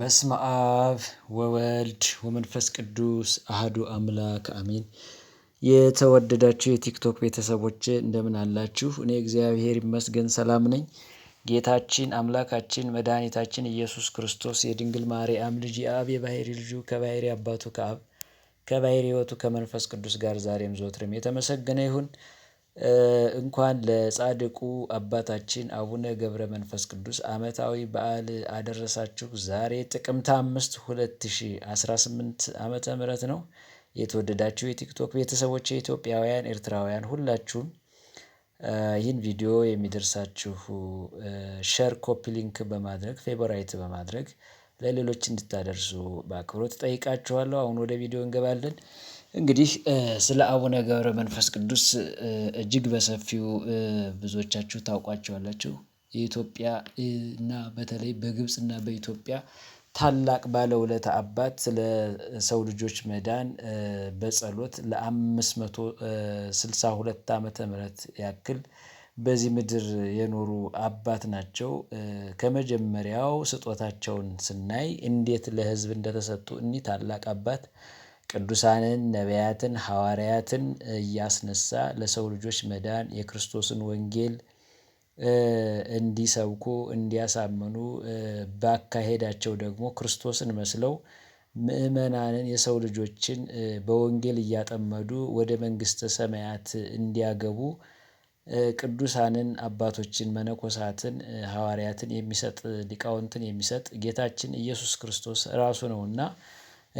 በስመ አብ ወወልድ ወመንፈስ ቅዱስ አህዱ አምላክ አሜን። የተወደዳችሁ የቲክቶክ ቤተሰቦች እንደምን አላችሁ? እኔ እግዚአብሔር ይመስገን ሰላም ነኝ። ጌታችን አምላካችን መድኃኒታችን ኢየሱስ ክርስቶስ የድንግል ማርያም ልጅ የአብ የባሕሪ ልጁ ከባሕሪ አባቱ ከአብ ከባሕሪ ሕይወቱ ከመንፈስ ቅዱስ ጋር ዛሬም ዘወትርም የተመሰገነ ይሁን። እንኳን ለጻድቁ አባታችን አቡነ ገብረ መንፈስ ቅዱስ አመታዊ በዓል አደረሳችሁ። ዛሬ ጥቅምት አምስት ሁለት ሺህ አስራ ስምንት ዓመተ ምህረት ነው። የተወደዳችሁ የቲክቶክ ቤተሰቦች የኢትዮጵያውያን ኤርትራውያን ሁላችሁም ይህን ቪዲዮ የሚደርሳችሁ ሸር ኮፒ ሊንክ በማድረግ ፌቨራይት በማድረግ ለሌሎች እንድታደርሱ በአክብሮት ጠይቃችኋለሁ። አሁን ወደ ቪዲዮ እንገባለን። እንግዲህ ስለ አቡነ ገብረ መንፈስ ቅዱስ እጅግ በሰፊው ብዙዎቻችሁ ታውቋቸዋላችሁ የኢትዮጵያ እና በተለይ በግብፅ እና በኢትዮጵያ ታላቅ ባለውለታ አባት ስለ ሰው ልጆች መዳን በጸሎት ለ562 ስልሳ ዓመተ ምህረት ያክል በዚህ ምድር የኖሩ አባት ናቸው። ከመጀመሪያው ስጦታቸውን ስናይ እንዴት ለሕዝብ እንደተሰጡ እኒህ ታላቅ አባት ቅዱሳንን ነቢያትን ሐዋርያትን እያስነሳ ለሰው ልጆች መዳን የክርስቶስን ወንጌል እንዲሰብኩ እንዲያሳምኑ ባካሄዳቸው ደግሞ ክርስቶስን መስለው ምእመናንን የሰው ልጆችን በወንጌል እያጠመዱ ወደ መንግስተ ሰማያት እንዲያገቡ ቅዱሳንን አባቶችን መነኮሳትን ሐዋርያትን የሚሰጥ ሊቃውንትን የሚሰጥ ጌታችን ኢየሱስ ክርስቶስ ራሱ ነውና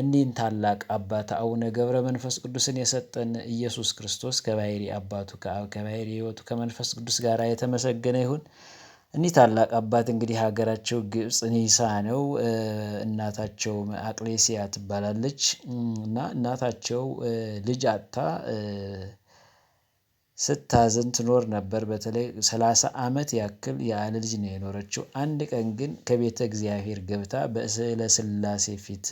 እንዲህን ታላቅ አባት አቡነ ገብረ መንፈስ ቅዱስን የሰጠን ኢየሱስ ክርስቶስ ከባሕሪ አባቱ ከአብ ከባሕሪ ሕይወቱ ከመንፈስ ቅዱስ ጋር የተመሰገነ ይሁን። እኒህ ታላቅ አባት እንግዲህ ሀገራቸው ግብፅ ኒሳ ነው። እናታቸው አቅሌሲያ ትባላለች እና እናታቸው ልጅ አጥታ ስታዝን ትኖር ነበር። በተለይ ሰላሳ ዓመት ያክል ያለ ልጅ ነው የኖረችው። አንድ ቀን ግን ከቤተ እግዚአብሔር ገብታ በስዕለ ፊት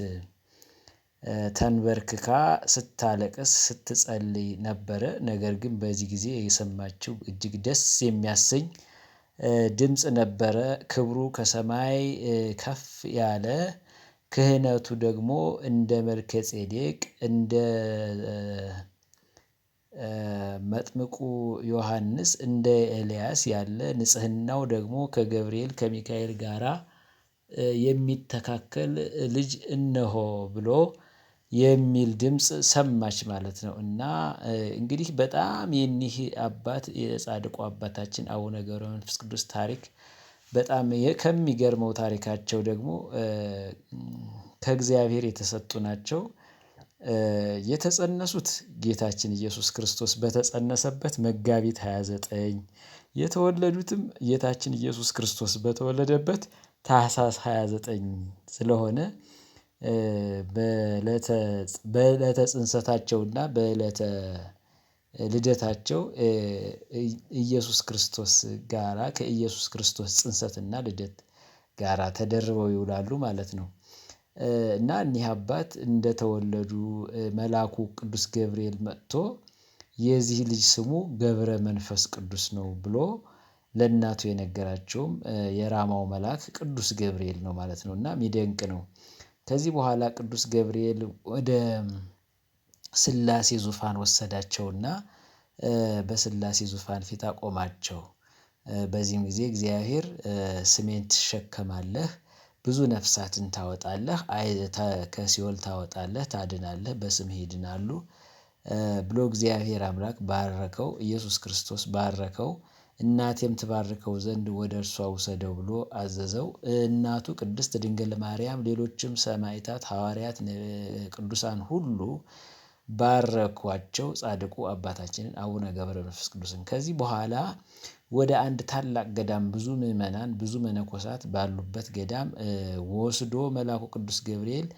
ተንበርክካ ስታለቅስ ስትጸልይ ነበረ። ነገር ግን በዚህ ጊዜ የሰማችው እጅግ ደስ የሚያሰኝ ድምጽ ነበረ። ክብሩ ከሰማይ ከፍ ያለ ክህነቱ ደግሞ እንደ መልከ ጼዴቅ እንደ መጥምቁ ዮሐንስ እንደ ኤልያስ ያለ ንጽህናው ደግሞ ከገብርኤል ከሚካኤል ጋራ የሚተካከል ልጅ እነሆ ብሎ የሚል ድምፅ ሰማች ማለት ነው። እና እንግዲህ በጣም የኒህ አባት የጻድቁ አባታችን አቡነ ገብረ መንፈስ ቅዱስ ታሪክ በጣም ከሚገርመው ታሪካቸው ደግሞ ከእግዚአብሔር የተሰጡ ናቸው። የተጸነሱት ጌታችን ኢየሱስ ክርስቶስ በተጸነሰበት መጋቢት 29 የተወለዱትም ጌታችን ኢየሱስ ክርስቶስ በተወለደበት ታህሳስ 29 ስለሆነ በእለተ በእለተ ጽንሰታቸውና በእለተ ልደታቸው ኢየሱስ ክርስቶስ ጋራ ከኢየሱስ ክርስቶስ ጽንሰትና ልደት ጋራ ተደርበው ይውላሉ ማለት ነው። እና እኒህ አባት እንደተወለዱ መልአኩ ቅዱስ ገብርኤል መጥቶ የዚህ ልጅ ስሙ ገብረ መንፈስ ቅዱስ ነው ብሎ ለእናቱ የነገራቸውም የራማው መልአክ ቅዱስ ገብርኤል ነው ማለት ነው እና የሚደንቅ ነው። ከዚህ በኋላ ቅዱስ ገብርኤል ወደ ስላሴ ዙፋን ወሰዳቸውና በስላሴ ዙፋን ፊት አቆማቸው። በዚህም ጊዜ እግዚአብሔር ስሜን ትሸከማለህ ብዙ ነፍሳትን ታወጣለህ ከሲኦል ታወጣለህ ታድናለህ በስምህ ይድናሉ ብሎ እግዚአብሔር አምላክ ባረከው ኢየሱስ ክርስቶስ ባረከው እናቴም ትባርከው ዘንድ ወደ እርሷ ውሰደው ብሎ አዘዘው። እናቱ ቅድስት ድንግል ማርያም ሌሎችም ሰማዕታት ሐዋርያት ቅዱሳን ሁሉ ባረኳቸው ጻድቁ አባታችንን አቡነ ገብረ መንፈስ ቅዱስን። ከዚህ በኋላ ወደ አንድ ታላቅ ገዳም ብዙ ምዕመናን ብዙ መነኮሳት ባሉበት ገዳም ወስዶ መልአኩ ቅዱስ ገብርኤል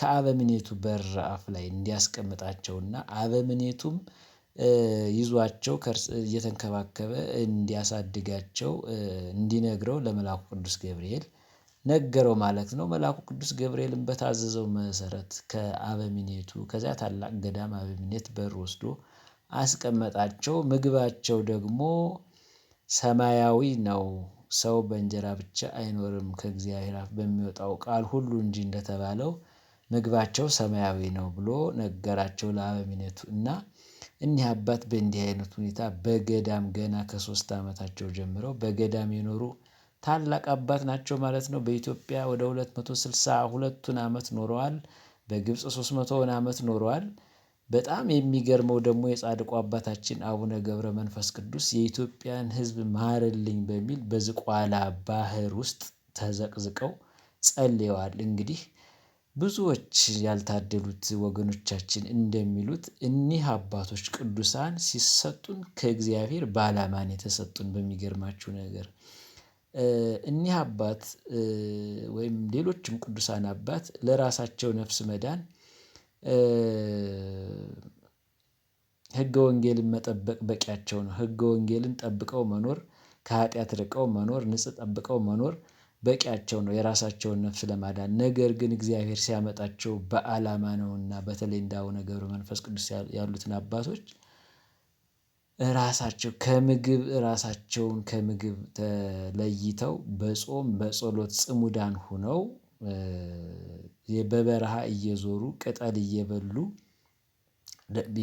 ከአበምኔቱ በር አፍ ላይ እንዲያስቀምጣቸውና አበምኔቱም ይዟቸው እየተንከባከበ እንዲያሳድጋቸው እንዲነግረው ለመልአኩ ቅዱስ ገብርኤል ነገረው ማለት ነው። መልአኩ ቅዱስ ገብርኤልን በታዘዘው መሰረት ከአበሚኔቱ ከዚያ ታላቅ ገዳም አበሚኔት በር ወስዶ አስቀመጣቸው። ምግባቸው ደግሞ ሰማያዊ ነው ሰው በእንጀራ ብቻ አይኖርም ከእግዚአብሔር አፍ በሚወጣው ቃል ሁሉ እንጂ እንደተባለው ምግባቸው ሰማያዊ ነው ብሎ ነገራቸው። ለአበሚኔቱ እና እኒህ አባት በእንዲህ አይነት ሁኔታ በገዳም ገና ከሶስት ዓመታቸው ጀምረው በገዳም የኖሩ ታላቅ አባት ናቸው ማለት ነው። በኢትዮጵያ ወደ 262 ቱን ዓመት አመት ኖረዋል። በግብፅ 300ን ዓመት ኖረዋል። በጣም የሚገርመው ደግሞ የጻድቁ አባታችን አቡነ ገብረ መንፈስ ቅዱስ የኢትዮጵያን ህዝብ ማርልኝ በሚል በዝቋላ ባህር ውስጥ ተዘቅዝቀው ጸልየዋል። እንግዲህ ብዙዎች ያልታደሉት ወገኖቻችን እንደሚሉት እኒህ አባቶች ቅዱሳን ሲሰጡን ከእግዚአብሔር ባላማን የተሰጡን በሚገርማችሁ ነገር እኒህ አባት ወይም ሌሎችም ቅዱሳን አባት ለራሳቸው ነፍስ መዳን ህገ ወንጌልን መጠበቅ በቂያቸው ነው። ህገ ወንጌልን ጠብቀው መኖር ከኃጢአት ርቀው መኖር ንጽ ጠብቀው መኖር በቂያቸው ነው የራሳቸውን ነፍስ ለማዳን። ነገር ግን እግዚአብሔር ሲያመጣቸው በአላማ ነውና በተለይ እንዳሁነ ገብረ መንፈስ ቅዱስ ያሉትን አባቶች ራሳቸው ከምግብ ራሳቸውን ከምግብ ተለይተው በጾም በጸሎት ጽሙዳን ሁነው በበረሃ እየዞሩ ቅጠል እየበሉ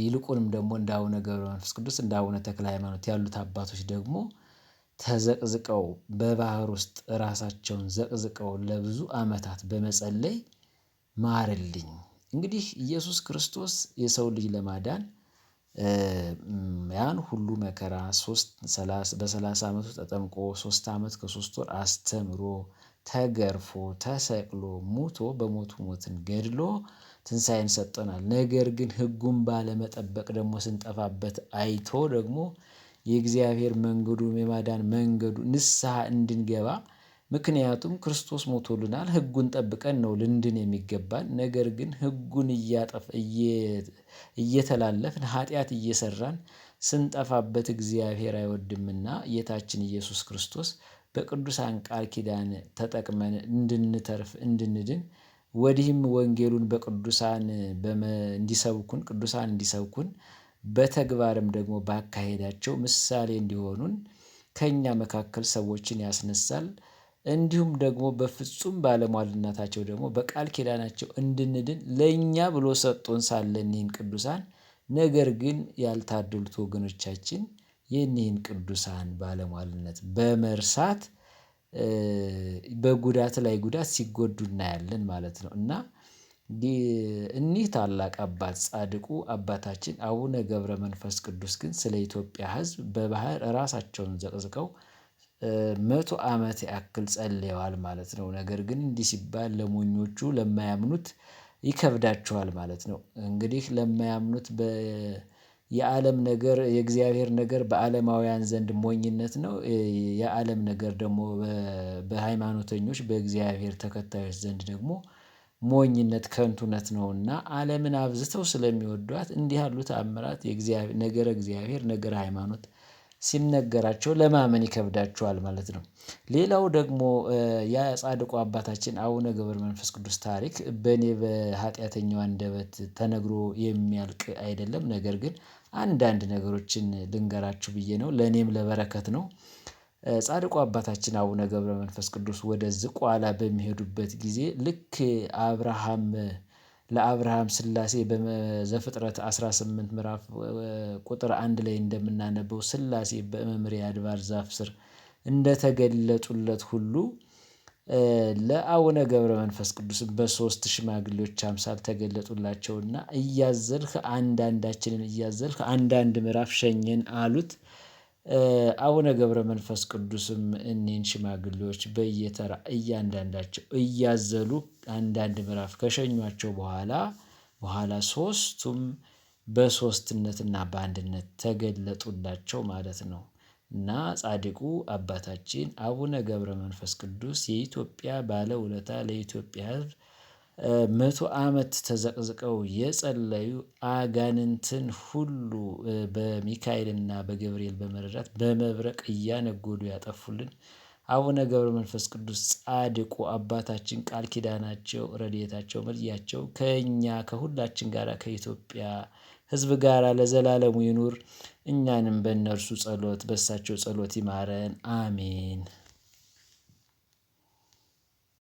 ይልቁንም ደግሞ እንደ ገብረ መንፈስ ቅዱስ እንዳሁነ ተክለ ሃይማኖት ያሉት አባቶች ደግሞ ተዘቅዝቀው በባህር ውስጥ ራሳቸውን ዘቅዝቀው ለብዙ አመታት በመጸለይ ማርልኝ። እንግዲህ ኢየሱስ ክርስቶስ የሰው ልጅ ለማዳን ያን ሁሉ መከራ በሰላሳ ዓመቱ ተጠምቆ ሶስት ዓመት ከሶስት ወር አስተምሮ ተገርፎ ተሰቅሎ ሙቶ በሞቱ ሞትን ገድሎ ትንሣኤን ሰጠናል። ነገር ግን ህጉን ባለመጠበቅ ደግሞ ስንጠፋበት አይቶ ደግሞ የእግዚአብሔር መንገዱ የማዳን መንገዱ ንስሐ እንድንገባ ምክንያቱም ክርስቶስ ሞቶልናል ህጉን ጠብቀን ነው ልንድን የሚገባን። ነገር ግን ህጉን እያጠፍ እየተላለፍን ኃጢአት እየሰራን ስንጠፋበት እግዚአብሔር አይወድምና ጌታችን ኢየሱስ ክርስቶስ በቅዱሳን ቃል ኪዳን ተጠቅመን እንድንተርፍ እንድንድን ወዲህም ወንጌሉን በቅዱሳን እንዲሰብኩን ቅዱሳን እንዲሰብኩን በተግባርም ደግሞ ባካሄዳቸው ምሳሌ እንዲሆኑን ከእኛ መካከል ሰዎችን ያስነሳል። እንዲሁም ደግሞ በፍጹም ባለሟልነታቸው ደግሞ በቃል ኪዳናቸው እንድንድን ለእኛ ብሎ ሰጦን ሳለ እኒህን ቅዱሳን ነገር ግን ያልታደሉት ወገኖቻችን የእኒህን ቅዱሳን ባለሟልነት በመርሳት በጉዳት ላይ ጉዳት ሲጎዱ እናያለን ማለት ነው። እና እኒህ ታላቅ አባት ጻድቁ አባታችን አቡነ ገብረ መንፈስ ቅዱስ ግን ስለ ኢትዮጵያ ህዝብ በባህር ራሳቸውን ዘቅዝቀው መቶ አመት ያክል ጸልየዋል ማለት ነው። ነገር ግን እንዲህ ሲባል ለሞኞቹ ለማያምኑት ይከብዳቸዋል ማለት ነው። እንግዲህ ለማያምኑት የዓለም ነገር የእግዚአብሔር ነገር በአለማውያን ዘንድ ሞኝነት ነው። የአለም ነገር ደግሞ በሃይማኖተኞች በእግዚአብሔር ተከታዮች ዘንድ ደግሞ ሞኝነት ከንቱነት ነውና አለምን አብዝተው ስለሚወዷት እንዲህ ያሉ ተአምራት ነገረ እግዚአብሔር ነገረ ሃይማኖት ሲነገራቸው ለማመን ይከብዳቸዋል ማለት ነው። ሌላው ደግሞ የጻድቁ አባታችን አቡነ ገብረ መንፈስ ቅዱስ ታሪክ በእኔ በኃጢአተኛው አንደበት ተነግሮ የሚያልቅ አይደለም ነገር ግን አንዳንድ ነገሮችን ልንገራችሁ ብዬ ነው ለኔም ለበረከት ነው። ጻድቁ አባታችን አቡነ ገብረ መንፈስ ቅዱስ ወደ ዝቋላ በሚሄዱበት ጊዜ ልክ አብርሃም ለአብርሃም ስላሴ በዘፍጥረት 18 ምዕራፍ ቁጥር አንድ ላይ እንደምናነበው ስላሴ በመምሪያ አድባር ዛፍ ስር እንደተገለጡለት ሁሉ ለአቡነ ገብረ መንፈስ ቅዱስ በሶስት ሽማግሌዎች አምሳል ተገለጡላቸውና እያዘልክ አንዳንዳችንን እያዘልክ አንዳንድ ምዕራፍ ሸኘን አሉት። አቡነ ገብረ መንፈስ ቅዱስም እኔን ሽማግሌዎች በየተራ እያንዳንዳቸው እያዘሉ አንዳንድ ምዕራፍ ከሸኟቸው በኋላ በኋላ ሶስቱም በሶስትነትና በአንድነት ተገለጡላቸው ማለት ነው። እና ጻድቁ አባታችን አቡነ ገብረ መንፈስ ቅዱስ የኢትዮጵያ ባለውለታ ለኢትዮጵያ ህዝብ መቶ ዓመት ተዘቅዝቀው የጸለዩ አጋንንትን ሁሉ በሚካኤልና በገብርኤል በመረዳት በመብረቅ እያነጎዱ ያጠፉልን አቡነ ገብረ መንፈስ ቅዱስ ጻድቁ አባታችን ቃል ኪዳናቸው ረድኤታቸው ምልጃቸው ከእኛ ከሁላችን ጋር ከኢትዮጵያ ሕዝብ ጋር ለዘላለሙ ይኑር። እኛንም በእነርሱ ጸሎት በሳቸው ጸሎት ይማረን፣ አሜን።